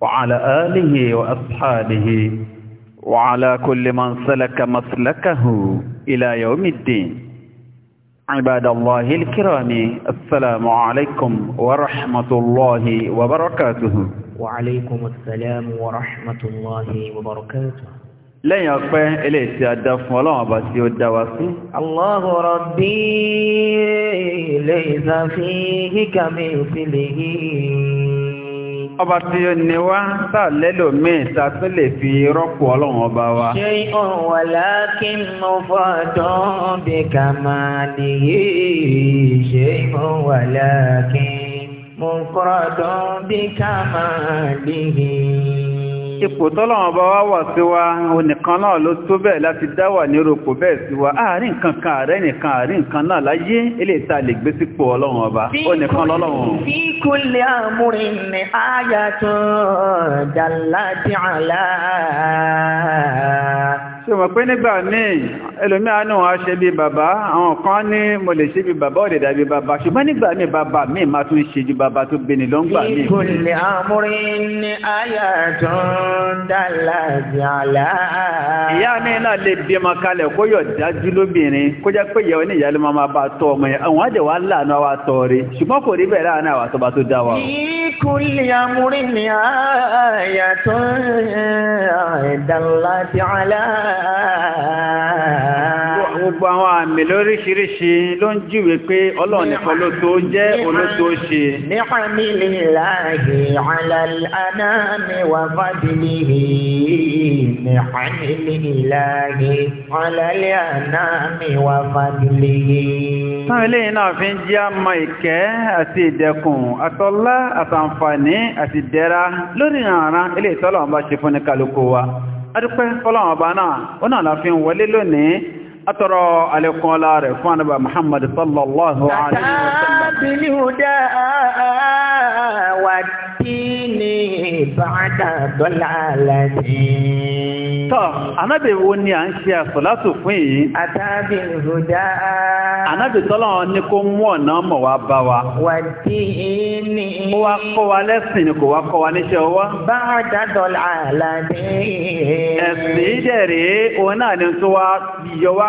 وعلى آله وأصحابه وعلى كل من سلك مسلكه إلى يوم الدين عباد الله الكرام السلام عليكم ورحمة الله وبركاته وعليكم السلام ورحمة الله وبركاته lẹ́yìn يقف ilé tí a dá fún الله ربي tí ó dá ọba tí ó ní wá sáà lẹ́lò míì ta tó lè fi rọ́pò ọlọ́run ọba wa. ṣé ọ̀hún wà láàkí mo fọ́dún bí ká máa nìyí ṣé ọ̀hún wà láàkí mo fọ́dún bí ká máa nìyí ipò tọ́lọ́wọ́n bá wá wà sí wa onìkan náà ló tó bẹ́ẹ̀ láti dá wà ní ròpò bẹ́ẹ̀ sí wa àárín nǹkan kan ààrẹ nìkan àárín nǹkan náà láyé eléyìí lè gbé sípò ọlọ́run ọba onìkan lọ́lọ́run. fi kulli amrin ní ayatun dallati ala tí mọ̀ pé nígbà míì ẹlòmí àánú wọn ṣe bí bàbá àwọn kan ní mo lè ṣe bí bàbá ò lè dàbí bàbá ṣùgbọ́n nígbà míì bàbá míì máa tún ṣe ju bàbá tó bẹni lọ́ngbà míì. kò ní ìyá mi náà lè bí ọmọ kalẹ̀ kó yọ̀ dájú lóbìnrin kó jẹ́ pé ìyàwó ní ìyálé máa bá tọ́ ọmọ yẹn àwọn àdè láàánú àwa tọ́ rí ṣùgbọ́n kò rí bẹ́ẹ̀ láàánú àwa tó bá tó dá wa. kò amúrin ní àyà tó ń dàlà sí àlá. Gbogbo àwọn àmì lóríṣiríṣi ló ń jíwe pé Ọlọ́run nìkan ló tó jẹ́ olótó ṣe. Níhàmí lè láàyè àlàlánàmì wà fàdìlì níhàmí lè láàyè àlàlánàmì wà Táwọn eléyìí náà fi ń jẹ́ àmọ́ ìkẹ́ àti ìdẹ̀kùn, àtọ́lá, àtàǹfààní àti ìdẹ̀ra lórí ìrànràn eléyìí tọ́lọ́run bá ṣe fún ní kálukú wa adúpẹ́ fọ́lọ́wọ̀n ọba náà ó náà la fi ń wọlé lónìí atọrọ alẹ́kùn ọlá rẹ̀ fún ànábì muhammad sallallahu alaihi wasallam bili huda wa dini ba'da dalalati tọ́ ànábì wo ni a ń ṣe àsọ̀látò fún yìí àtàbí huda ànábì tọ́lọ̀ ní kó mú ọ̀nà mọ̀ wá bá wa wa dini ó wá kọ́ wa lẹ́sìn ni kò wá kọ́ wa níṣẹ́ ọwọ́ ba'da dalalati ẹ̀sìn ìdẹ̀rẹ̀ òun náà ni tó wá yọ wá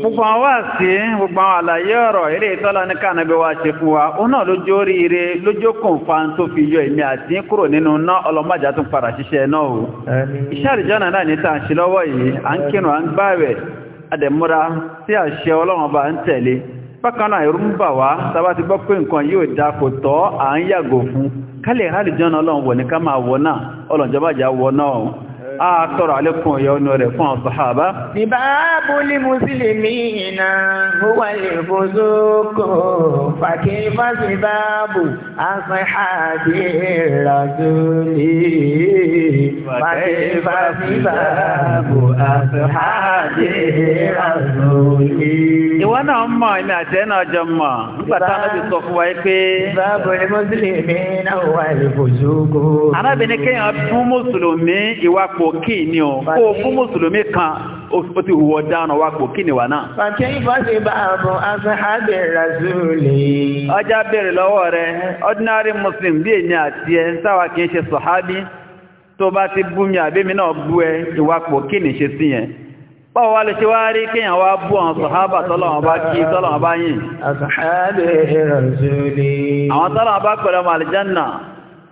gbogbo àwọn wá sí gbogbo àwọn àlàyé ọ̀rọ̀ eré ìtọ́lá ní kànáàbí wa ṣe fún wa ó náà lójó oríire lójó fi yọ èmi àti kúrò nínú ná ọlọ́mọdé tó padà ṣiṣẹ́ náà o iṣẹ́ àlùjánnà náà ní tàn ṣe lọ́wọ́ yìí à ń kírun à ń àdẹ̀múra àṣẹ Ọlọ́run ń tẹ̀lé bákan náà àtọrọ àlékún ọ̀yọ́ ọ̀nà rẹ̀ fún àwọn sàhábà. Bíbáàbù lè mùsùlùmí iná, mo wà lè bóso kò fàkí fásitì báàbù, àṣàhàdì ìrọ̀dúnlé. Fàkí fásitì báàbù, àṣàhàdì ìrọ̀dúnlé. Ìwọ náà mọ̀ ẹ̀mí àti ẹ̀ náà mọ̀, nígbà táwọn pòkí ní o fún kan ó ti hùwọ́ dáná wá pòkí níwà náà. pàtẹ́ ìfọ́sí bá àbọ̀ razuli. ọjà bèrè lọ́wọ́ rẹ ordinary muslim bí èmi àti ẹ sáwà kì ka ṣe sọ̀hábí tó bá ti bú mi àbẹ́mi náà ẹ ìwà ní ṣe sí yẹn báwo wá lè ṣe wá rí kíyàn wá bú àwọn sọ̀hábà tọ́lọ̀wọ̀n bá kí tọ́lọ̀wọ̀n bá yìn àwọn tọ́lọ̀wọ̀n bá pẹ̀lú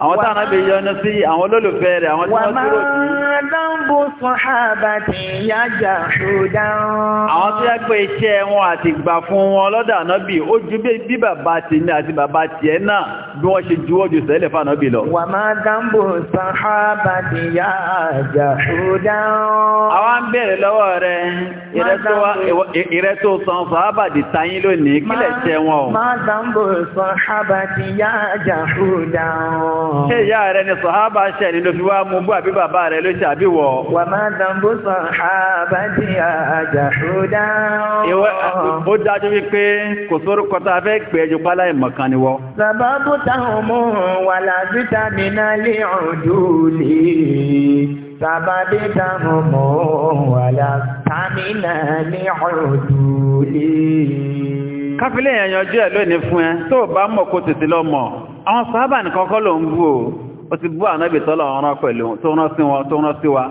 àwọn táwọn bí yọnu sí àwọn olólùfẹ́ rẹ̀ àwọn tí wọ́n dúró sí. wàmọ́ dánbó sọ́hábà tí yájà ṣòdá. àwọn àti ìgbà fún wọn lọ́dọ̀ ànábì ó ju bí bàbá tèmi àti bàbá tiẹ̀ náà bí wọ́n ṣe juwọ́ ju sẹ́lẹ̀ fún ànábì lọ. wàmọ́ má dánbó sọ́hábà tí yájà ṣòdá ṣé ìyá rẹ̀ ni sọ̀hábà ṣẹ̀ ní ló fi wá mú bú àbí bàbá rẹ̀ ló ṣàbí wọ̀. wà má dàmbó sọ̀hábà ti àjà tó dáhùn. ìwé ó dájú wípé kò sórúkọ tá a fẹ́ pè é ju pálá ìmọ̀kan ni wọ́. sàbábù táwọn mú wàlá fítámì náà lè ọ̀dùn lè sábàbí táwọn mú wàlá fítámì náà lè ọ̀dùn lè káfílẹ̀ yẹn yanjú ẹ̀ lónìí fún ẹ tó bá mọ̀ kó tètè lọ mọ̀ àwọn sábà nìkan kọ́ ló ń bú o ó ti bú ànábì tọ́lọ̀ ọ̀rán pẹ̀lú tó rán sí wọn tó rán sí wa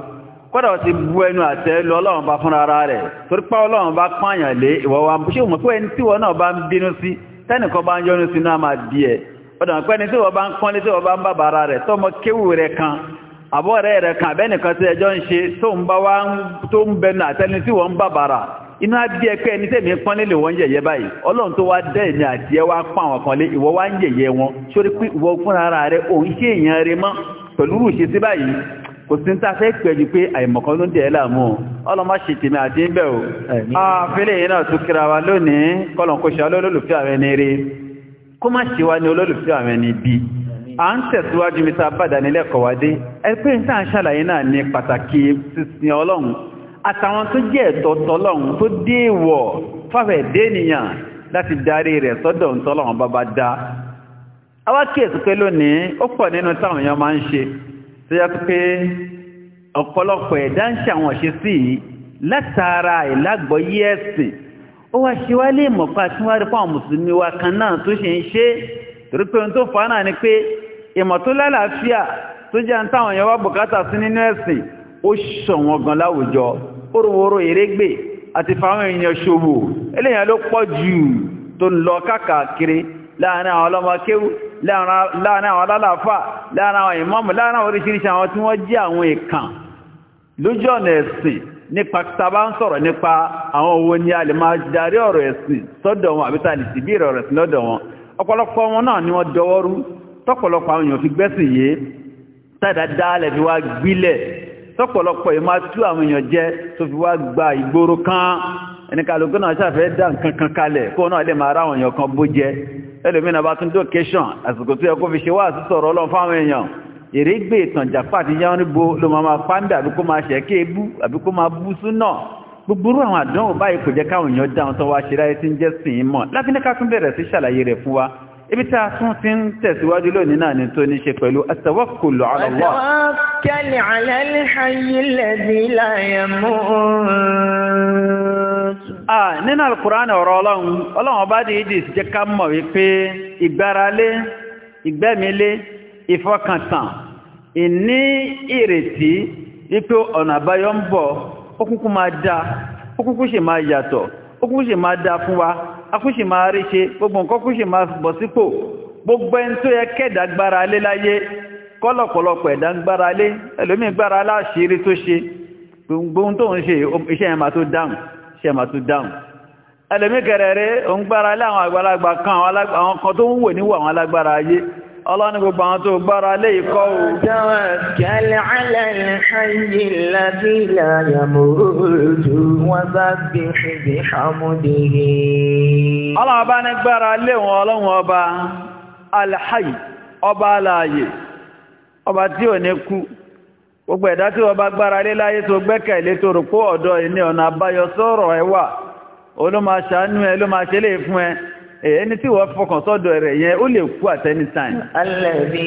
kódà ó ti bú ẹnu àtẹ́ lu ọlọ́run bá fúnra ara rẹ̀ torí pé ọlọ́run bá pààyàn lé ìwọ wa ṣé o mọ̀ pé ẹni tí wọn náà bá ń bínú sí tẹ́nìkan bá ń yọnu sí náà máa bí ẹ ọ̀dà pé ẹni tí wọ́n bá ń pọ́nlé tí wọ́n bá ń bá bàrà rẹ̀ tọ́mọ kéwù rẹ̀ kan àbọ̀ rẹ̀ rẹ̀ kan àbẹ́nìkan tí ẹjọ́ ń ṣe tó ń bá wá tó ń bẹnu àtẹ́ni tí wọ́n ń bá inú abíyẹ pé ẹni tẹ̀mí pọ́n lélẹ̀ wọ́n yẹ̀yẹ́ báyìí ọlọ́run tó wá dẹ́ ẹ̀mí àti wá pọ́n àwọn kan lé ìwọ wá ń yẹ̀yẹ́ wọn sórí pé ìwọ fúnra ara rẹ òun ṣe èèyàn rẹ mọ́ pẹ̀lú rúṣe sí báyìí kò sí ń tafẹ́ pẹ̀lú pé àìmọ̀kan ló ń dẹ̀ láàmú ọlọ́mọ ṣe tèmi àti o a yìí náà tún kíra wa lónìí kọlọ̀n a ń tẹ̀síwájú mi ta bàdánilẹ́kọ̀ọ́ wá dé ń ṣàlàyé náà àtàwọn tó jẹ́ ẹ̀tọ́ tọ́lọ́run tó déèwọ̀ fáfẹ̀ dénìyàn láti darí rẹ̀ sọ́dọ̀ tọ́lọ́run bá bá dá awá kíyèsí pé lónìí ó pọ̀ nínú táwọn èèyàn máa ń ṣe tó yẹ pé ọ̀pọ̀lọpọ̀ ẹ̀dá ń ṣe àwọn ìṣesí yìí látara ìlágbọ́yé ẹ̀sìn ó wá ṣe wá lè pa tí wọ́n rí fáwọn mùsùlùmí wa kan náà tó ṣe ń ṣe torí pé ohun tó fà á náà ni pé ìmọ̀ tó lálàáfíà tó jẹ́ ń táwọn èèyàn wá bùkátà sí nínú ẹ̀sìn ó ṣọ̀wọ́n gan láwùjọ wórówóró erégbè àti fáwọn èèyàn ṣòwò eléyàn ló pọ̀ jù tó lọ káàkiri láàrin àwọn ọlọ́mọkéwú láàrin àwọn alálàáfà láàrin àwọn ìmáàmù láàrin àwọn oríṣiríṣi àwọn tí wọ́n jẹ́ àwọn ìkàn lójú ọ̀nà ẹ̀sìn nípa tàbá ń sọ̀rọ̀ nípa àwọn owó ní a lè máa darí ọ̀rọ̀ ẹ̀sìn sọ́dọ̀ wọn àbí tàbí sí bí ọ̀rọ̀ ẹ̀sìn lọ́dọ̀ wọn ọ̀pọ̀lọpọ̀ wọn náà ni wọ́n dọwọ́rú tọ́pọ̀lọpọ̀ àwọn èèyàn fi gbẹ́sìn yé tàdá dáálẹ̀ fi wá gbílẹ̀ tọ́pọ̀lọpọ̀ yìí máa tú àwọn èèyàn jẹ́ tó fi wá gba ìgboro kan ẹnikàlùkù náà ṣàfẹ́ dá nǹkan kan kalẹ̀ kó náà lè máa ráwọn èèyàn kan bó jẹ ẹlòmínà bá tún dókẹ́ṣàn àsìkò tó yẹ kó fi ṣe wá àti sọ̀rọ̀ ọlọ́run fáwọn èèyàn èrègbè ìtànjà pàtí yánríbo ló máa pàǹdà àbí kó máa ṣẹ̀kẹ́ ebú àbí kó máa bú súnà gbogbooru àwọn àdánwò báyìí kò jẹ́ káwọn èèyàn dáhùn tán wá ṣe ráyé tí ń jẹ́ sìn ín mọ̀ lábínẹ́ká tún bẹ̀rẹ̀ sí ṣàlàyé rẹ̀ fún wa ibi tí a tún ti ń tẹ̀síwájú lónìí náà ni tó ní ṣe pẹ̀lú àtàwọ́kùlù àlọ́wọ́. àtàwọ́kẹ́lì àlẹ́lẹ́ ayé lẹ́bí láyé mú nínú alkùránì ọ̀rọ̀ ọlọ́run ọlọ́run ọba dìídì jẹ́ ká mọ̀ wípé ìgbáralé ìní ìrètí wípé ọ̀nà àbáyọ ń bọ̀ ó kúkú máa dáa ó kúkú sì máa yàtọ̀ ó kúkú sì máa dáa fún wa akúṣì máa rí ṣe gbogbo nǹkan kúṣì máa bọ̀ sípò gbogbo ẹni tó yẹ kẹ́dà gbára lé láyé kọ́lọ̀pọ̀lọpọ̀ ẹ̀dá ń gbára lé ẹlòmíì gbára láṣìírí tó ṣe gbogbo tó ń ṣe iṣẹ́ ọlọ́ni gbogbo àwọn tó gbára lé o. ala ala ala ọlọ́run ọba ọba Gbogbo ẹ̀dá tí ọba gbára lé láyé tó gbẹ́kẹ̀lé tó rò pó ọ̀dọ̀ ìní ọ̀nà àbáyọ sọ̀rọ̀ ẹ̀wà, olómaṣàánú ẹ fún ẹ. Eh, ẹni tí wọ́n fọkàn sọ́dọ̀ rẹ̀ yẹn ó lè kú at any time. alẹ́bí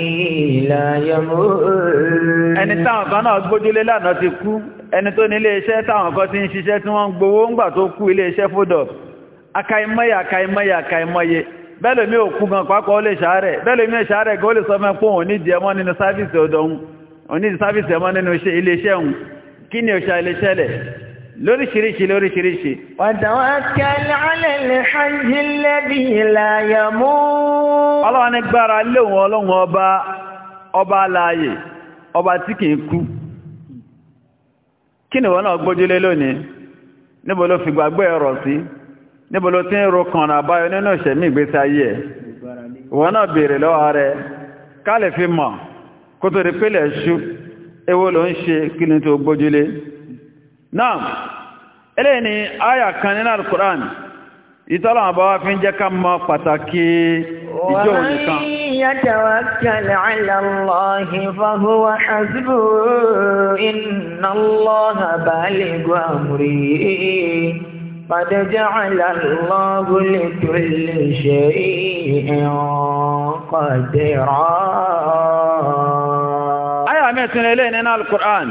ìlàyẹ̀mú. ẹni táwọn kan náà gbójúlé lánàá ti kú ẹni tó ní iléeṣẹ́ táwọn kan ti ń ṣiṣẹ́ tí wọ́n ń gbowó ńgbà tó kú iléeṣẹ́ fódọ̀ akaimọ́yẹ akaimọ́yẹ akaimọ́yẹ bẹ́ẹ̀ mi ò kú gan pápá ó lè ṣàárẹ̀ bẹ́ẹ̀ mi ò ṣàárẹ̀ gan ó lè sọ fún ẹ lóríṣiríṣi lóríṣiríṣi. Watawakkal 'ala al-hayy alladhi la yamut. ọlọ́wọ́n ní gbára léwọn ọlọ́wọ́n ọba ọba aláàyè ọba tí kìí kú kí ni wọ́n náà gbójúlé lónìí níbo ló fi gbàgbé ọ̀rọ̀ sí níbo ló ti ń ro àbáyọ nínú ìṣẹ̀mí ìgbésí ayé wọ́n náà béèrè lọ́wọ́ rẹ̀ ká fi mọ̀ kó tó rí pélé ṣú ló ń ṣe kí ni tó gbójúlé náà eléyìí ni àyà kan nínú alukur'an ìtọ́lọ̀ àbá wa fi ń jẹ́ ká mọ̀ pàtàkì ìjọ òní kan. يتوكل على الله فهو حسبه إن الله بالغ أمره قد جعل الله لكل شيء قدرا. آية متن إلينا القرآن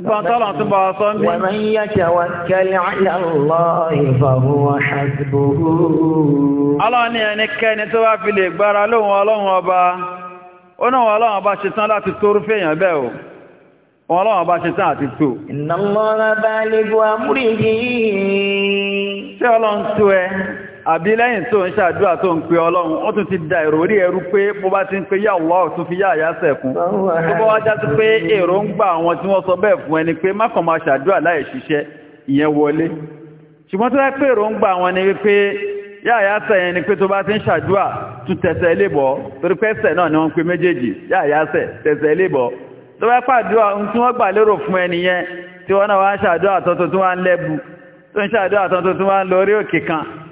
Ìpàntọ́lọ̀ tún bọ̀ sọ ń bí. Wa man yatawakkal 'ala Allahi fa huwa hasbuhu. Ọlọ́run ní ẹnikẹ́ni tó wá fi lè gbára lóhun ọlọ́run ọba. Ó náà wọn ọlọ́run ọba ṣetán láti torú fèèyàn bẹ́ẹ̀ o. Wọn ọlọ́run ọba ṣetán àti tó. Inna Allaha balighu amrihi. Ṣé ọlọ́run tó ẹ? àbí lẹ́yìn tó ń ṣàdúrà tó ń pe ọlọ́run ó tún ti da èrò rí ẹrú pé bó bá ti ń pe yà Allah tún fi yà àyà sẹ̀kún tó bọ́ wá jásí pé èrò ń gba àwọn tí wọ́n sọ bẹ́ẹ̀ fún ẹni pé má kàn máa ṣàdúrà láì ṣiṣẹ́ ìyẹn wọlé ṣùgbọ́n tó yẹ pé èrò ni pé yà àyà sẹ̀yìn ni pé tó bá ti ń ṣàdúrà tún tẹ̀sẹ̀ lébọ̀ torí pé ẹsẹ̀ náà ni wọ́n pe méjèèjì yà àyà tí wọ́n náà wá ń ṣàdúrà tuntun tí wọ́n ń lẹ́bu tó ń ṣàdúrà tuntun tí wọ́n ń lórí òkè kan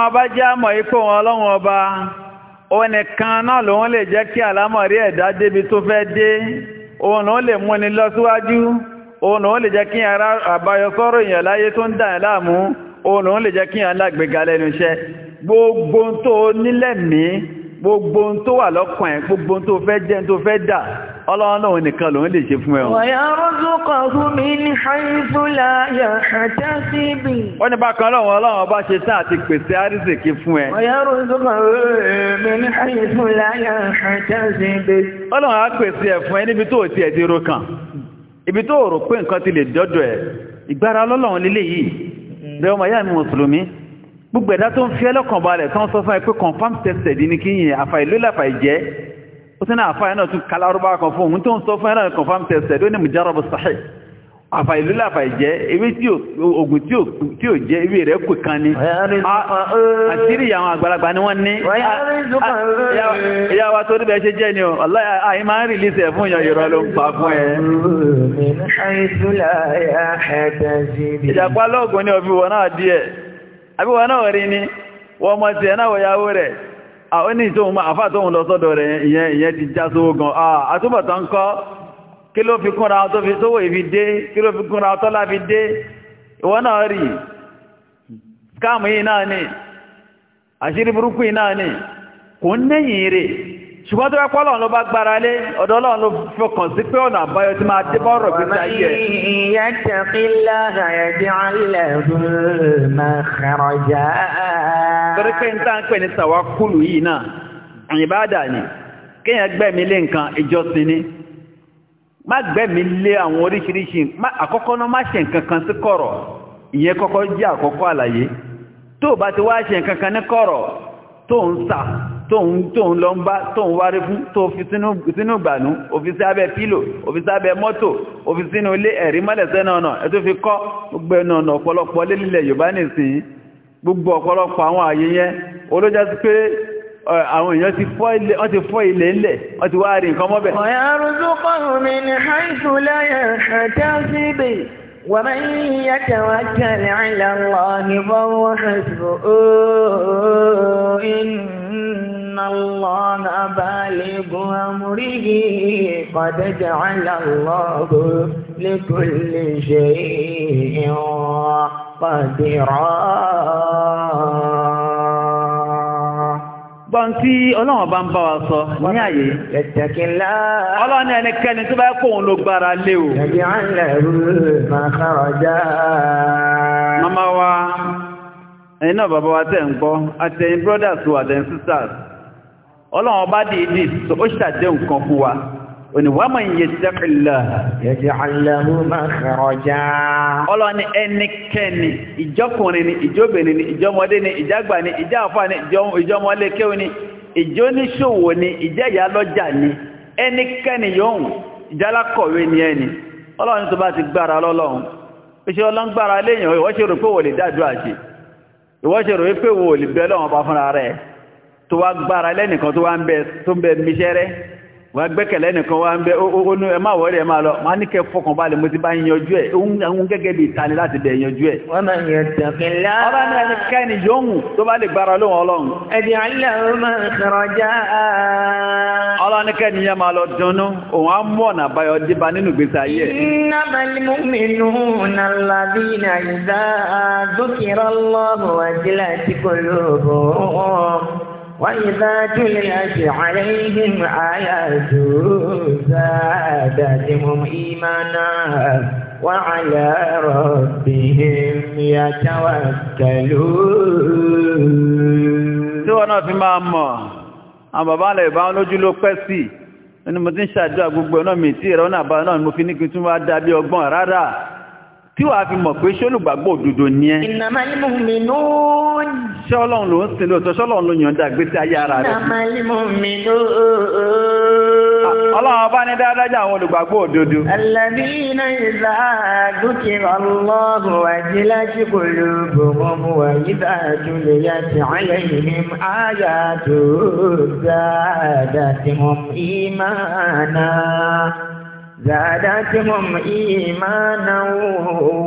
ọlọ́run bá jẹ́ àmọ̀ ipò wọn ọlọ́run ọba òun nìkan náà lòun lè jẹ́ kí àlámọ̀rí ẹ̀dá débi tó fẹ́ dé òun lòun lè múni lọ síwájú òun lòun lè jẹ́ kí ara àbáyọ sọ́rọ̀ èèyàn láyé tó ń dà ẹ́ láàmú òun lòun lè jẹ́ kí ara lágbèga lẹ́nu iṣẹ́ gbogbo tó nílẹ̀mí gbogbo tó wà lọ́kàn gbogbo tó fẹ́ jẹ́ tó fẹ́ dà ọlọ́run lòun nìkan lòun lè ṣe fún ẹ̀wọ̀n. wọ̀yá rọ́zùkọ̀ fúnmi ní ṣàìfúlà yàtọ̀ sí ibi. wọ́n ní bákan lọ́wọ́ ọlọ́run bá ṣe tán àti pèsè àrísìkí fún ẹ. wọ̀yá rọ́zùkọ̀ fúnmi ní ṣàìfúlà yàtọ̀ sí ibi. ọlọ́run á pèsè ẹ̀ fún ẹ níbi tó ti ẹ̀ dérò kan ibi tó rò pé nǹkan gbogbo ẹ̀dá tó ń fi ẹlọ́kàn tán sọ fún ẹ pé tested ní kí yìnyín àfàìlólàfàìjẹ́ ó tún náà àfáà náà tún kalárúbá kan fún òun tó ń sọ fún ẹ̀nà confam test ẹ̀dọ́ ní mujarabu sahih àfà ìlú làfà ìjẹ́ ewé ogun tí ò jẹ́ ewé rẹ̀ kò kan ní àtírí àwọn àgbàlagbà ni wọ́n ní ìyáwà tó ríbẹ̀ ṣe jẹ́ ni ọ̀ aláyé máa ń rí lísẹ̀ fún ìyàn ìrọ̀ ló ń pa fún ẹ ìjàpá lọ́gùn ni ọ̀fíwọ̀ àwọn ní ìtòhun máa àfáà tóhun lọ sọ́dọ̀ rẹ̀ ìyẹn ìyẹn ti já sówó gan àtúbọ̀tán ń kọ́ kí ló fi kúnra tó fi sówó ìfi dé kí ló fi kúnra tọ́lá fi dé ìwọ náà rí skáàmù yìí náà ni àṣírí burúkú yìí náà ni kò ń nẹ́yìn rèé ṣùgbọ́n tó bá pọ́ lọ́run ló bá gbára lé ọ̀dọ̀ Ọlọ́run ló fọkàn sí pé ọ̀nà àbáyọ tí máa dé bọ́rọ̀ gbé ta yẹ. ìyá tẹ̀kílá àyàdí ọ̀lẹ́gùn máa kàrọ̀jà. torí pé n tá ń pè ní tàwákùlù yìí náà ìbáàdà ni kéèyàn gbẹ̀mí lé nǹkan ìjọsìn ni má gbẹ̀mí lé àwọn oríṣiríṣi àkọ́kọ́ náà má ṣe nǹkan kan sí kọ̀rọ̀ ìyẹn kọ́kọ́ jẹ́ àkọ́kọ́ àlàyé tó o bá ti wá ṣe nǹkan kan ní kọ̀rọ̀ tó ń sà tóun lọ ń bá tóun wárí fún tó fi sínú ìgbànú òfi sí abẹ́ pílò òfi sí abẹ́ mọ́tò òfi sínú ilé ẹ̀rí mọ́lẹ̀sẹ́ náà náà ẹ̀tọ́ fi kọ́ gbogbo ẹ̀nà ọ̀nà ọ̀pọ̀lọpọ̀ lélẹ̀ Yorùbá nìsín gbogbo ọ̀pọ̀lọpọ̀ àwọn ààyè yẹn olójá sí pé àwọn èèyàn ti fọ́ ilẹ̀ ilẹ̀ ti wá rí nǹkan mọ́bẹ̀. ọ̀yà arúgbókòrò mi ni haitu láyà àtẹ́ الله بالغ أمره قد جعل الله لكل شيء قدرا gbọ́n tí ọlọ́wọ̀n bá ń bá wa sọ ní àyè ẹ̀tẹ̀kìlá ọlọ́ni ẹnikẹ́ni tó bá kó òun ló gbára lé o mama wa ẹ̀yin náà bàbá wa tẹ̀ ń gbọ́ àtẹ̀yìn brothers wa àtẹ̀yìn sisters ọlọ́run ọba dìídì tó ó ṣàdé nǹkan fún wa òní wà mọ̀ iye tẹ́kìlá yẹ̀jẹ̀ aláhù máa kẹrọjá ọlọ́run ni ẹnikẹ́ni ìjọkùnrin ni ìjọbìnrin ni ìjọmọdé ni ìjàgbà ni ìjàfà ni ìjọmọlékéw ni ìjóníṣòwò ni ìjẹ́yà lọ́jà ni ẹnikẹ́ni yóò ìjálákọ̀wé ni ẹni ọlọ́run tó bá ti gbára lọ́lọ́run iṣẹ́ ọlọ́ngbára léèyàn ìwọ́ṣẹ̀rò pé wò lè dájú àṣì ìwọ́ṣẹ̀rò pé wò lè bẹ́ lọ́wọ́n bá fúnra rẹ̀ tó wá gbára lẹ́nìkan tó wá ń bẹ tó ń bẹ miṣẹ́ rẹ́ wà gbẹ́kẹ̀lẹ́ nìkan wá ń bẹ oónú ẹ máa wọ́rẹ̀ ẹ máa lọ máa ní kẹ fọkàn balẹ̀ mo ti bá yanjú ẹ̀ ohun gẹ́gẹ́ bí ìtani láti bẹ̀ yanjú ẹ̀ wọ́n máa yẹ tẹ̀kẹ́lá ọba ní ẹni kẹ́ni yóò tó وإذا تليت عليهم آياته زادتهم إيمانا وعلى ربهم يتوكلون tí wọ́n náà fi máa mọ̀ àwọn bàbá alẹ́ ìbá lójú ló pẹ́ sí ẹni mo ti ń ṣàdúrà gbogbo ọ̀nà mi tí ìrọ̀nà àbá náà mo fi ní kí tún wá dábí ọgbọ́n rárá tí wàá fi mọ̀ pé ṣólùgbàgbọ́ òdodo ni ẹ́. mu'minun. ṣé ọlọ́run ló ń sin lóòótọ́ ṣé ọlọ́run ló yàn dá gbé sí ayé ara rẹ̀. innamal mu'minun. ọlọ́run ọba ní dáadájà àwọn olùgbàgbọ́ òdodo. alladhina idha dhukira alayhim ayatuhu zadatuhum imana. زادتهم إيمانا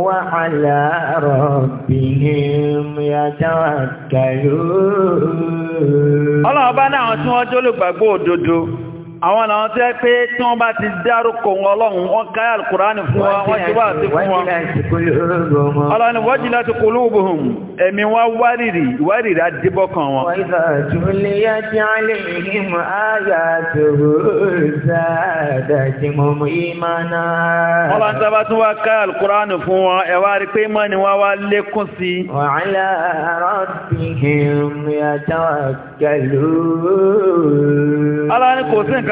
وعلى ربهم يتوكلون ọlọ́ọ̀bá náà tí wọ́n jólùgbàgbọ́ òdodo àwọn àwọn tó yẹ pé tí wọ́n bá ti dárúkọ ọlọ́run wọ́n káyà alkùránì fún wa wọ́n ti wá àti fún wọn ọlọ́run wajilat qulubuhum ẹ̀mí wá wárìrì wárìrì àdíbọ́kàn wọn ọlọ́run tó bá tún wá káyà alkùránì fún wọn ẹ̀wà rí pé mọ́ ni wọ́n wá lékún sí wa ala rabbihim yatawakkalun ọlọ́run kò sí nǹkan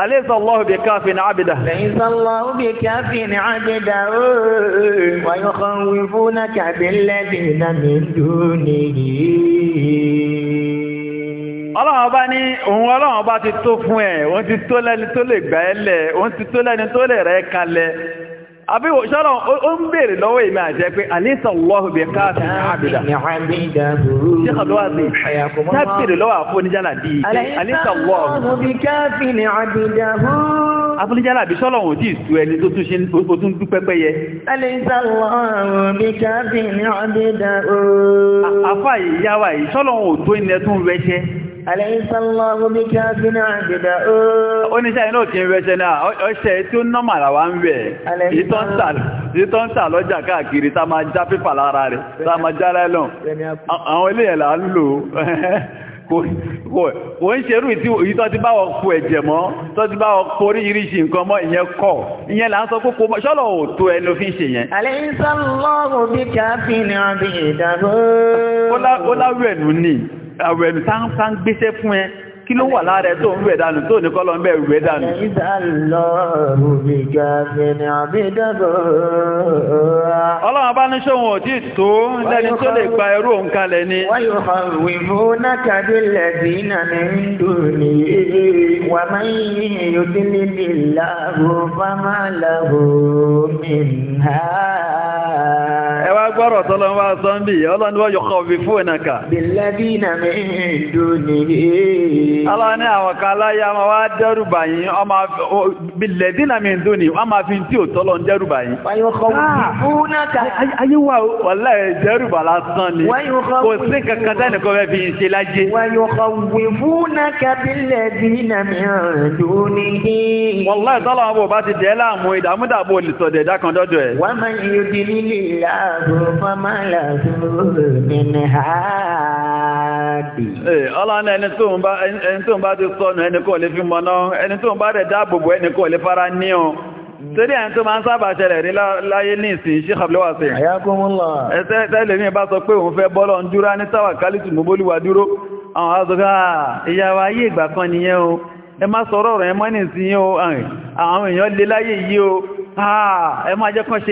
أليس الله بكاف عبده ليس الله بكاف عبده ويخوفونك بالذين من دونه ọlọ́run ọba ní òun ọlọ́run ọba ti tó fún ẹ̀ òun ti tó lẹ́ni tó lè gbà ẹ́ lẹ̀ òun ti tó lẹ́ni tó lè rẹ̀ kalẹ̀ àbí ṣọ́lọ̀ ó ń bèèrè lọ́wọ́ ìmẹ́ àṣẹ pé àlẹ́sà lọ́hù bẹ̀ káàkiri àbìdà ṣíkàlọ́wàtí ṣábìrì lọ́wọ́ àfúnijálà bí i àlẹ́sà lọ́hù bẹ̀ káàkiri àbìdà afúnijálà bí ṣọ́lọ̀ òun tí ìsú ẹni tó tún ṣe ó tún dú pẹ́pẹ́yẹ àlẹ́sà lọ́hù bẹ̀ káàkiri àbìdà Àlẹ́yìnsá lọ́wọ́ bí kí a fi ní sẹ́yìn náà kí náà, tí ó nọ́mà làwá ń wẹ̀. Èyí tó ń tà lọ́jà káàkiri tá máa já pépà lára rẹ̀, tá máa já Àwọn ilé là ń lò kò ń ṣerú ti bá ẹ̀jẹ̀ mọ́ ti bá nǹkan mọ́ ìyẹn kọ́ ìyẹn là ń sọ kókó mọ́ ò tó ẹni ló fi àwẹ̀lù tá ń gbéṣẹ́ fún ẹ kí ló wà lára ẹ tó ń wẹ̀ dànù tó ní kọ́lọ̀ ń bẹ̀ wẹ̀ dànù. ọlọ́run bá ní ṣóhun òjì tó lẹ́ni tó lè gba ẹrú òun kalẹ̀ ni. wọ́n gbọ́rọ̀ tọ́lọ́n wá sọ ń bí ọlọ́ni wọ́n yọkọ̀ bí fún ẹ̀nàkà. bílẹ́bínà mẹ́ẹ̀ẹ́dù ni èé. aláwọ̀ní àwọn kan aláyá ma wá dẹ́rùbà yín bílẹ́bínà mẹ́ẹ̀ẹ́dù ni wọ́n máa fi tí ò tọ́lọ́ dẹ́rùbà yín. Ah, ayé wa wàlẹ́ dẹ́rùbà lásán ni kò sí kankan tẹ́ni kò fẹ́ fi ń ṣe lájé. wàyọ̀kọ̀ wí fún ẹ̀nàkà bílẹ́bínà ni èé fọ́mọ́ lọ́sùn nínú háàdì. ọlọ́run ẹni tó ń bá ti sọnù ẹni kò lè fi mọ́ná ẹni tó ń bá rẹ̀ dáàbòbò ẹni kò lè fara ní ọ torí ẹni tó máa ń sábà ṣẹlẹ̀ rí láyé ní ìsìn Sheikh Abdul Wasiu ẹ̀sẹ̀ tẹ́lẹ̀ mi bá sọ pé òun fẹ́ bọ́lọ̀ ń dúró ní tàwàkálìtì mọ́bólúwà dúró àwọn azọ́gá ah, ìyàwó ayé ìgbà kan nìyẹn o ẹ má sọ̀rọ̀ ọ̀rọ̀ ẹmọ́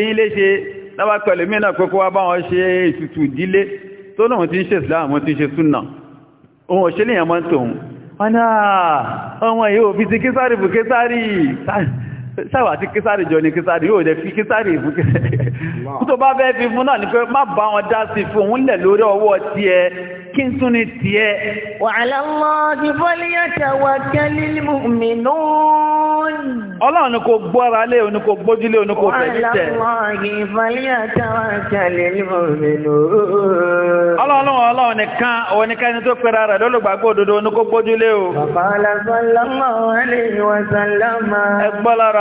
ní lọ́wọ́ pẹ̀lú mìíràn pé kó wá bá wọn ṣe ètùtù ìdílé tó náà ti ń ṣe ìsìláàmù ti ń ṣe súnà ohun òṣèlè yẹn tòun wọn náà ah, ọmọ yìí fi ti késàrì bù késàrì ṣáwà tí kísàrì jọ ní kísàrì yóò dẹ̀ fi kísàrì fún kísàrì tó bá bẹ́ẹ̀ fi fún náà ní pé má bá wọn dá sí fún òun lẹ̀ lórí ọwọ́ tí ẹ kí n tún ní tí ẹ. wàhálà lọ́ọ̀dì fọ́líyàtà wà kẹ́lí mi nùún. ọlọ́run kò gbọ́ra lé òun ni kò gbójúlé òun ni kò fẹ̀yìntì tẹ̀. wàhálà lọ́ọ̀dì fọ́líyàtà wà kẹ́lí mi nùún. ọlọ́run ọlọ́run nìkan òun nìkan ẹni tó pera rẹ̀ lólùgbàgbọ́ òdodo òun ni kò gbójúlé o. bàbá alágbọ́n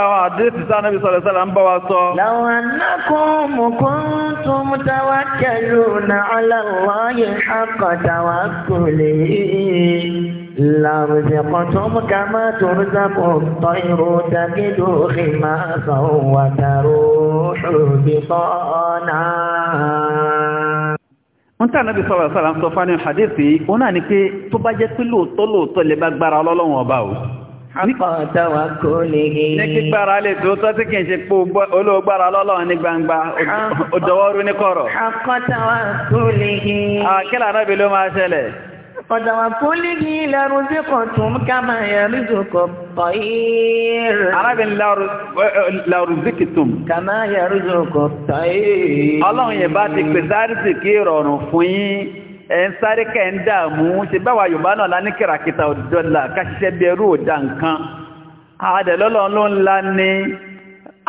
lára àwọn àdírísì sáà náà bí sọ̀rọ̀ sọ́lá ń bá wa sọ. Law annakum kuntum tawakkaluna wọ́n tí ànábì sọ́rọ̀ sọ́rọ̀ sọ fánil hadithi ó náà pé tó bá jẹ́ pé lóòótọ́ lóòótọ́ lè bá gbára ọlọ́lọ́wọ́n ọba o Àpọ̀tọ̀wà kò lè rí. Ní kígbára lè tó tọ́ tí kìí ṣe pé olóògbára lọ́lọ́run ní gbangba, òdọ̀wọ́rú ní kọ̀rọ̀. Àpọ̀tọ̀wà kò lè rí. Àkílà náà bí ló máa ṣẹlẹ̀. Àpọ̀tọ̀wà kò lè rí lẹ́rù sí kọ̀ tún ká máa yẹ rí jùkọ̀ tọ̀yìr. Arábìnrin yẹ bá ti pèsè àrísìkí ìrọ̀rùn fún yín ẹ̀ ń sáré kẹ́ ń dààmú ṣe báwa yorùbá náà láni kìràkìtà òdòdó la ká ṣiṣẹ́ bí ẹrú òdà nǹkan àádẹ́lọ́lọ́ ló ń ní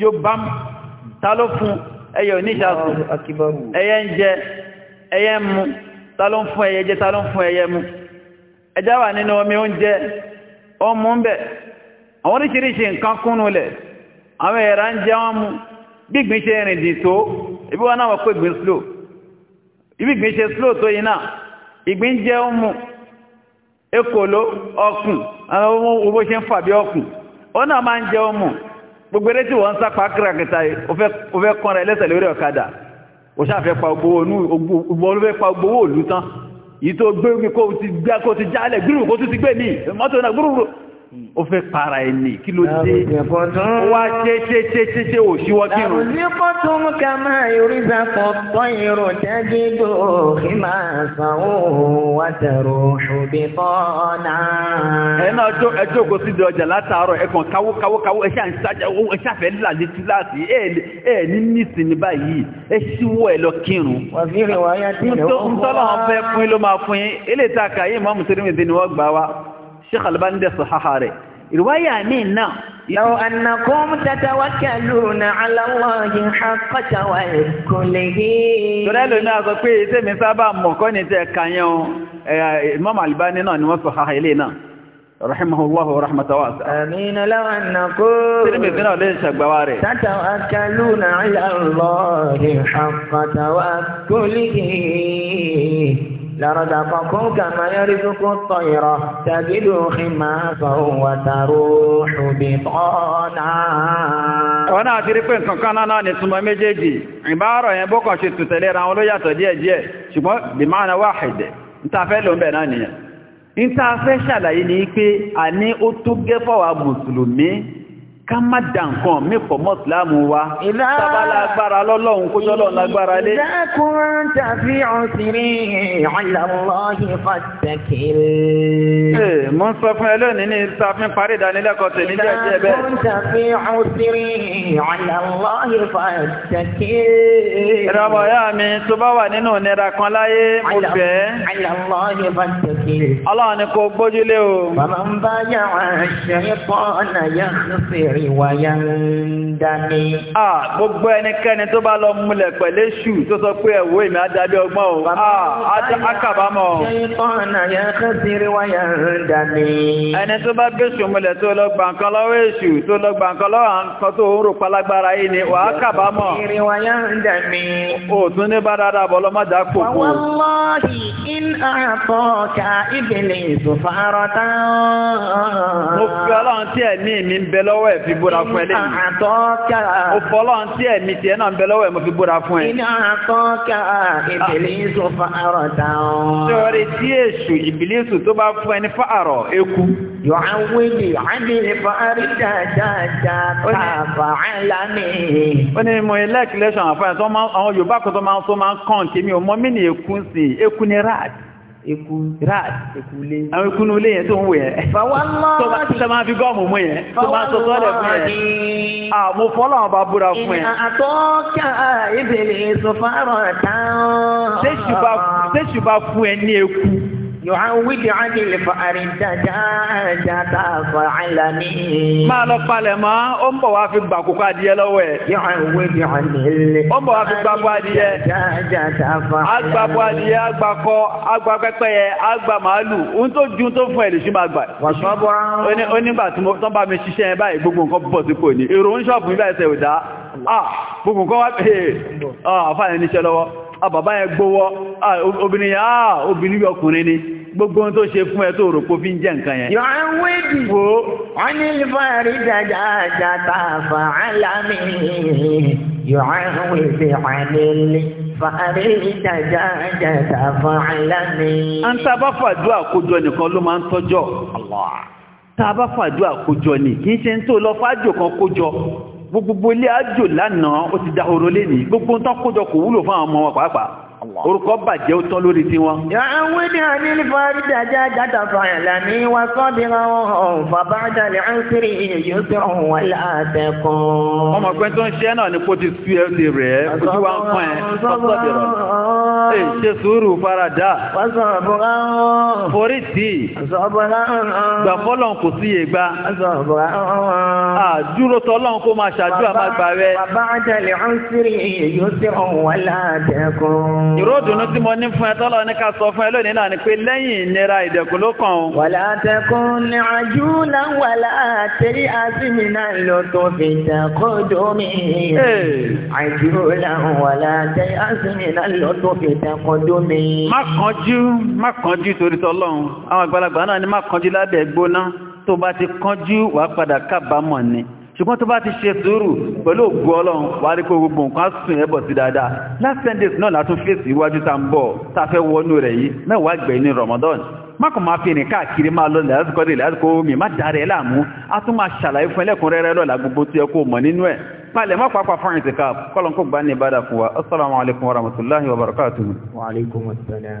yóò bá mú ta ló fún ẹyẹ oníṣàkù ẹyẹ ń jẹ ẹyẹ ń mu ta fún ẹyẹ jẹ ta fún ẹyẹ mu ẹja wà nínú omi oúnjẹ ó mú ń bẹ àwọn oríṣiríṣi nǹkan kúnnú lẹ̀ àwọn ẹ̀rá ń jẹ wọn mú bí ṣe rìn dì tó ibi wọn náà wọ́n pé gbogbo eré tí wọ́n ń sápa kírakíta yìí o fẹ́ kọ́ra ẹlẹ́sẹ̀ lórí ọ̀kadà o ṣàfẹ́ pa gbowó olú o fẹ́ pa gbowó olú tán yìí tó gbé omi kó ti jálẹ̀ gbúrú kó tún ti gbé ní mọ́tò náà gbúrú O fẹ́ para ẹni kí ló dé wá ṣe ṣe ṣe ṣe ṣe ò ṣíwọ́ kí rùn. làbùsí kó tún ká máa yorí zàpọ̀ tọ́ irun jáde dò kí máa sanwó wá tẹ̀rù ṣùgbẹ́ fọ́nà. ẹ náà jó ẹjọ́ ògo síbi ọjà látàárọ̀ ẹ kàn káwó káwó káwó ẹ ṣáà ń ṣájà owó ẹ ṣáfẹ́ lálẹ́ tú láti ẹ ẹ ní níìsì ní báyìí ẹ ṣíwọ́ ẹ lọ kírun. wàfíìrì wáyà tẹ̀lé ó ń bọ́ Sheikh Albani dẹ̀ sọ̀háhà rẹ̀ ìrìwáyà míì náà لو أنكم تتوكلون على الله حق توكله Tọ́lá ló náà sọ pé ìṣẹ́ mi sábà mọ̀ kọ́ ní tẹ́ kàyán Imam Albani náà ni wọ́n sọ ha ilé رحمه الله ورحمة واسعة آمين لو أن نقول تلمذنا ليش أكبر تتوكلون على الله حق توكله لرزقكم كما يرزق الطير تجد خماسا وتروح بطانا ọ̀nà àti rí pé nǹkan kan náà ní súnmọ́ méjèèjì ìbáàrọ̀ yẹn bó kàn ṣe tùtẹ̀lé ra wọn ló yàtọ̀ díẹ̀ díẹ̀ ṣùgbọ́n bí máa na wáhìdẹ̀ nítafẹ́ ló ń bẹ̀ náà nìyàn nítafẹ́ ṣàlàyé ní pé a ní ó tó gẹ́fọ́wà mùsùlùmí ká má dà nǹkan mẹ́pọ̀ mọ́ ìsìláàmù wa sábàlá agbára lọ́lọ́run kó jọ́lọ́ lágbára lé. ìdá kún tàbí ọ̀sìnrín ìhànlọ́yìn fàtẹ́kìrì. mo ń sọ fún ẹ lónìí ní sàfin parí ìdánilẹ́kọ̀ọ́ tèmi jẹ́ bẹ́ẹ̀. ìdá kún tàbí ọ̀sìnrín ìhànlọ́yìn fàtẹ́kìrì. ìrọ̀bọ̀ yá mi tó bá wà nínú ìnira kan láyé mo fẹ́. ìhànlọ́yìn fàtẹ́kìrì. ọlọ́run ni kò gbójúlé wàyáńdání. À gbogbo ẹnikẹ́ni tó bá lọ múlẹ̀ pẹ̀lú èṣù tó sọ pé ẹ̀wọ́ èmi àdábẹ́ ọgbọ́n o. À àkàbámọ̀. Ẹni tó bá gbèsù múlẹ̀ tó lọ gbà nǹkan lọ́wọ́ èṣù tó lọ gbà nǹkan lọ́wọ́ nǹkan tó ń rò palágbára yìí ni wà á kàbámọ̀. O tún ní bá dáadáa bọ̀ lọ́mọdé fi búra fún ẹ lẹ́yìn. àtọ́ka. mo fọlọ́ ń tí ẹ̀mí tiẹ̀ náà bẹ lọ́wọ́ ẹ̀ mo fi búra fún ẹ. iná àtọ́ka ìbílísù fàárọ̀ dáhùn. sọ̀rọ̀ tí èṣù ìbílísù tó bá fún ẹ ní fàárọ̀ eku. yọ̀hánwéjì àdìrí fàárì dáadáa tààbà àlámì. ó ní mo ilé ìkìlẹ̀ sọ̀rọ̀ fún ẹ Eku rad, eku ilé. Àwọn ikú ilé yẹn tó ń wò yẹn. Fàwọn náà. Tó máa fi gọ́ọ̀mù mú yẹn. Tó máa sọ sọ́ọ̀lẹ̀ fún yẹn. À yẹn. يعود عن الفأر دجاجة فعلمي ما لو قال ما أم بوا في باكو قادية لو يعود عن الفأر أم بوا في باكو قادية دجاجة فعلمي àgbà buadìyẹ àgbà kọ àgbà pẹ́pẹ́yẹ àgbà màálù ohun tó ju tó fún ẹ̀lẹ́sí máa gbà. ó nígbà tí mo tán bá mi ṣiṣẹ́ ẹ báyìí gbogbo nǹkan bọ̀ sí kò ní èrò ń ṣọ́ọ̀bù nígbà ẹsẹ̀ ò dá ah, gbogbo nǹkan wá pé eh, ah, àfáàní níṣẹ́ lọ́wọ́ àbàbá ah, yẹn gbówó obìnrin yẹn obìnrin ọkùnrin ni gbogbo ohun tó ṣe fún ẹ tó rò pé fi ń jẹ nǹkan yẹn. yọ̀ọ́ wíìdì wo wọ́n ní ìfọ̀rí jàjà jàtà fàálàmì yọ̀ọ́ wíìdì wọ́n ní fàárí jàjà jàtà fàálàmì. à ń tábà fàdúrà àkójọ nìkan ló máa ń tọ́jọ́ tábà fàdúrà àkójọ ni kì í ṣe ń tó lọ fájò kan kójọ gbogbo ilé àjò lánàá ó ti dahoro lé ní gbogbo ń tán kójọ kò wúlò fún àwọn ọmọ wọn pàápàá orúkọ bàjẹ́ ó tán lórí tiwọn. yàwé ní àdínní fárí dájá játa fàyàlà ní wà sọ́bìrà ọ̀hún bàbá àjàlẹ̀ ànsírí ìyẹ̀yẹ́ sí ọ̀hún wà látẹ̀kùn. ọmọ pẹ́ tó ń ṣe náà ni kó ti sú ẹ rẹ̀ ẹ́ kó ti wá ń pọ́n ẹ ẹ ṣe sùúrù faradà. sọ́sọ́bìrà ọ̀hún. forí ọ̀hún. gbàfọ́lọ̀ kò sí iye ọ̀hún. gbà ìródùnú tí mo ní fún ẹtọ́lọ ní ká sọ fún ẹ lónìí náà ni pé lẹ́yìn ìnira ìdẹ̀kùn ló kàn ọ́. wàlá àtẹkùn ní àjú láwàlá àtẹrí àtìmínà ìlọ́tọ̀ fìjà kọjọ àjú láwàlá àtẹrí àtìmínà ìlọ́tọ̀ fìjà kọjọ má kánjú má kánjú torí àwọn àgbàlagbà náà ni má kánjú lábẹ́ gbóná tó bá ti kánjú wàá padà kábàámọ̀ ni ṣùgbọ́n tó bá ti ṣe sùúrù pẹ̀lú ògbó ọlọ́run wà rí kó gbogbo nǹkan sùn ẹbọ̀ sí dáadáa last ten days náà látún fèsì iwájú tá ń bọ̀ tá a fẹ́ wọnú rẹ̀ yìí mẹ́wàá gbẹ̀yìn ní Ramadan má kàn máa fi rìn káàkiri máa lọ lásìkò dé lásìkò omi má dára ẹ láàmú a tún máa ṣàlàyé fún ẹlẹ́kùnrẹ́rẹ́ lọ́la gbogbo tó yẹ kó mọ̀ nínú ẹ̀ palẹ̀ má pàápàá fún ìtìkà kọ́lọ́n kó gbá ní ìbádà fún wa assalamu alaikum warahmatullahi wabarakatuhu. wa alaikum assalam.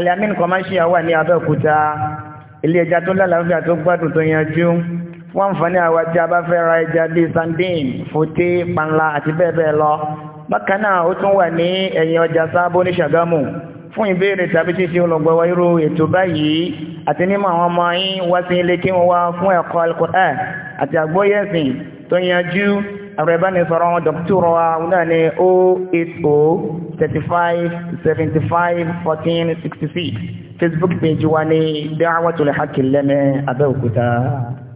Al-Yamin commercial wà ní Abẹ́òkúta ilé ẹja tó lálàáfíà tó gbádùn tó yanjú fún àǹfààní àwa tí a bá fẹ́ ra ẹja bíi sandin fòté panla àti bẹ́ẹ̀ bẹ́ẹ̀ lọ bákan náà ó tún wà ní ẹ̀yìn ọjà sábó ní Ṣàgámù fún ìbéèrè tàbí títí olùgbọ̀wọ́ irú ètò báyìí àti nímọ̀ àwọn ọmọ yín wá sí ilé kí wọ́n wá fún ẹ̀kọ́ Al-Qur'an àti àgbóyẹ̀sìn tó yanjú ẹ̀rọ ìbánisọ̀rọ̀ dọ̀kítọ̀rọ̀ wa wọn ní 080 35 75 14 66 Facebook page wa ní Da'watul Haqq Lẹ́mẹ̀ Abẹ́òkúta.